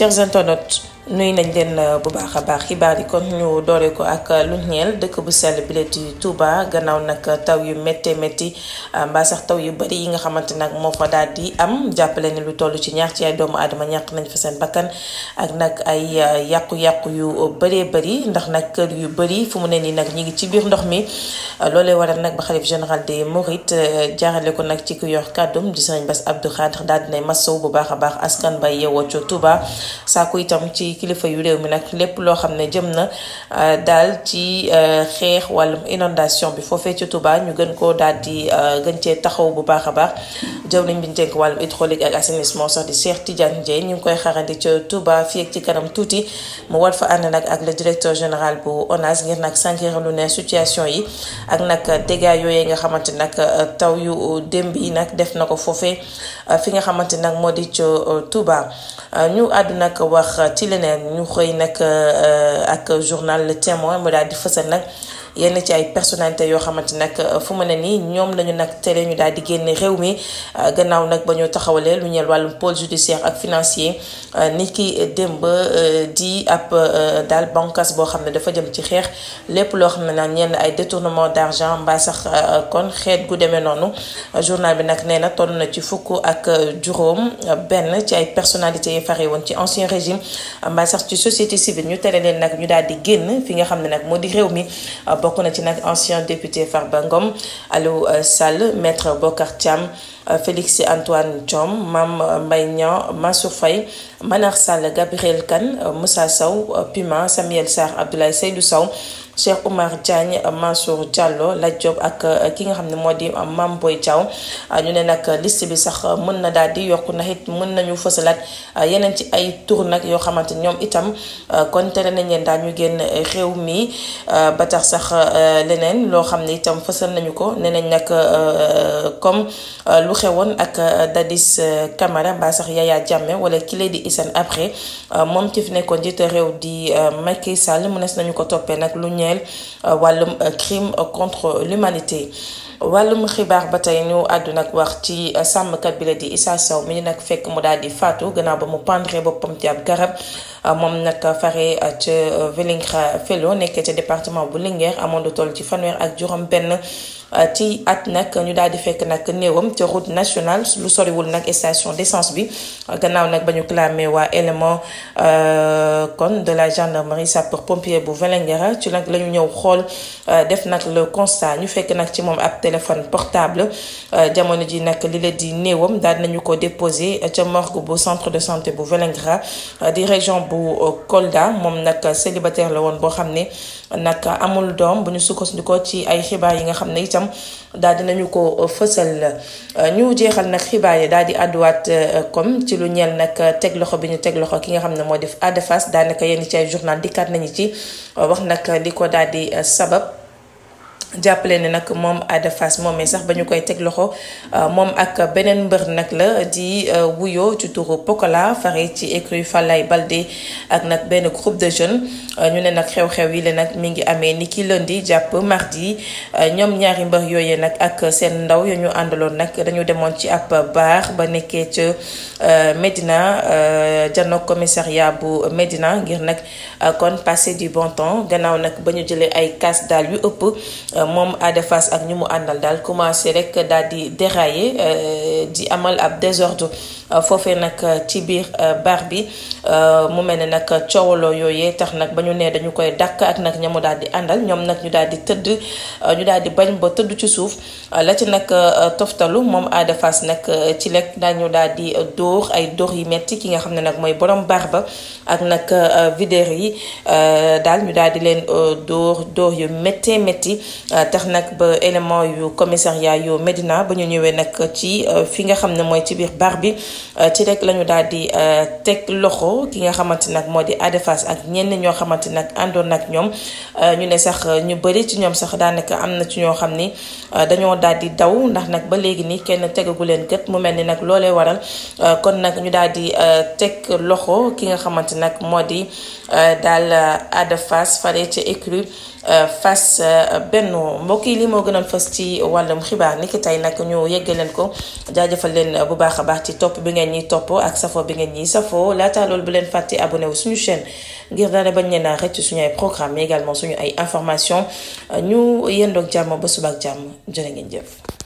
chers internautes nuy nañ leen euh, bu baax a baax xibaar yi kon ñu doore ko ak lu ñeel dëkk bu sell bi la di Touba gannaaw nag taw yu méttee métti euh, mbaa taw yu bari yi nga xamante nag moo fa daal di am jàppale ne lu toll ci ñaar ci ay doomu aadama ñàkk nañ fa seen bakkan ak nag ay euh, yàqu-yàqu yu bëree bëri ndax nag kër yu bëri fu mu ne nii nag ñu ngi ci biir ndox mi loolee waral nag ba xalif général des Mourides jaarale ko nag ci ku yor kàddum di sëriñ Bass Abdou Khadre daal dinay masaw bu baax a baax askan ba yeewoo ca Touba saako kilifa yu réew mi nag lépp loo xam ne jëm na euh, daal ci euh, xeex wàllum inondation bi foofee ci Touba ñu gën koo daal di euh, gën cee taxaw bu baax a baax jawriñ bi ñu jënk wàllum hydraulique ak assainissement sax di Cheikh Tidiane Dièye ñu ngi koy xarandi ca tubaa fii ak ci kanam tuuti mu war fa ànd nag ak le directeur général bu ONAS ngir nag sànqiralu ne situation yi ak nag dégâts yooyu nga xamante nag euh, taw yu euh, démb yi nag def na ko foofee euh, fi nga xamante nag moo di ca Touba ñu àddu nag wax ci leneen ñu xëy nag ak journal Le Témoin mu daal di fësal nag yenn ci ay personnalité yoo xamante nag euh, fu mu ne nii ñoom lañu nag tere ñu daal di génne réew mi euh, gannaaw nag ba ñu taxawalee lu ñeel wàllum pôle judiciaire ak financier euh, ni ki démb di ab daal bankas boo xam ne dafa jëm ci xeex lépp loo xam ne nag ñenn ay détournement d'argent mbaa sax kon xeet gu demee noonu journal bi nag nee na toll na ci fukk ak juróom benn ci ay personnalités yi fare woon ci ancien régime mbaa sax ci société civile ñu tere leen nag ñu daal di génn fi nga xam ne nag moo di réew mi kon na ci nag ancien député Farba Ngom Aliou euh, Sall maître Bokar Thiam Euh, Félix Antoine Diome maam euh, Mbaye Niang Mansour Faye Manar Sall Gabriel Kane euh, Moussa Sow Puma Samuel Sarr Abdoulaye Seydou Sow Cheikh Oumar Diagne Mansour Diallo Lat Diop ak ki nga xam ne moo di Mame Boye Diaw ñu ne nag liste bi sax mën na daal di yokku ndax it mën nañu fësalaat yeneen ci ay tour nag yoo xamante ñoom itam kon tere nañ leen daal ñu génn réew mii ba tax sax leneen loo xam ne itam fësal nañu ko nee nañ nag comme lu xewoon ak euh, Dadis euh, Camara ba sax Yaya jàmme wala kile di Hissène Habré euh, moom ci fi nekkoon jiite réew di Macky Sall mënees nañu ko toppee nag lu ñeel wàllum crime contre l'humanité wàllum xibaar ba tey ñu àddu nag wax ci sàmmkat bi la di Issa Sow mi nag fekk mu daal di faatu gannaaw ba mu pendre boppam ci ab garab Euh, moom nag fare euh, ca euh, Vélingara Felo nekk ca département bu Linguère amoon lu toll ci fanweer ak juróom-benn ci at nag ñu daal di fekk nag néewam ca route nationale lu soriwul nag station d'essence bi gannaaw nag ba ñu clamé waa élément kon de la gendarmerie sapeur pompier bu Vélingara ci nag la ñu ñëw xool def nag constat ñu fekk nag ci moom ab téléphone portable jamono ji nag li la di néewam daal nañu ko déposé ca morgue bu centre de santé bu Vélingara di région bu euh, Kolda moom nag célibataire la woon boo xam ne nag amul doom bu ñu sukkandikoo ci ay xibaar yi nga xam ne itam daal dinañu ko euh, fësal euh, ñu jeexal nag xibaar yi daal di àdduwaat comme ci lu ñeel nag teg loxo bi ñu teg loxo ki nga xam ne moo def Ada Fass daanaka yenn ci ay journal dikkaat nañu ci wax nag li ko daal di sabab. jàppale ne nag moom Ada moom moomee sax ba ñu koy teg loxo euh, moom ak beneen mbër nag la di euh, wuyoo ci turu Pokola fare ci écurie Falaye Baldé ak nag benn groupe de jeunes euh, ñu ne nag xew-xew yi la nag mi ngi amee ni ki lundi jàpp mardi ñoom ñaari mbër yooyee nag ak seen ndaw ya ñu àndaloon nag dañu demoon ci ab baax ba nekkee ca Médina janok commissariat bu Médina ngir nag kon passer di bonton gannaaw nag ba ñu jëlee ay casse daal yu ëpp Euh, moom Ada Fass ak ñu mu àndal daal commencé rek daal di dérailler euh, di amal ab désordre Euh, foofee nag euh, ci biir euh, bar bi mu mel ne nag coowaloo yooyee tax nag ba ñu nee dañu koy dàkk ak nag ñamu daal di àndal ñoom nag ñu daal di tëdd ñu daal di bañ ba tëddu ci suuf la ci nag toftalu moom Ada nag ci lekk dañu daal di dóor ay dóor yi metti ki nga xam ne nag mooy borom bar ba ak nag videur yi daal ñu daal di leen dóor dóor yu méttee métti tax nag ba élément yu commissariat yu Médina ba ñu ñëwee nag ci fi nga xam ne mooy ci biir bar bi Euh, ci rek la ñu daal di euh, teg loxo ki nga xamante nag moo di Ada Fass ak ñenn ñoo xamante nag àndoon nag ñoom euh, ñu ne sax ñu bëri ci ñoom sax daanaka am na ci ñoo xam ni dañoo daal di daw ndax nag ba léegi nii kenn tegagu leen gët mu mel ni nag loolee waral kon nag ñu daal di teg loxo ki nga xamante nag moo di daal Ada Fass fare ca écrue Fass benn mbokk yi lii moo gënoon fës ci wàllum xibaar ni ki tey nag ñu yegg ko jaajëfal leen bu baax a baax ci topp bi ngeen ñiy topp ak safoo bi ngeen ñi safoo laata loolu bu leen fàtte abonné su ñu chaîne ngir daane bañ leen naa rëcc suñu ay programme également suñu ay information ñu yendoog jàmm ba subaak jàmm jërë ngeen jëf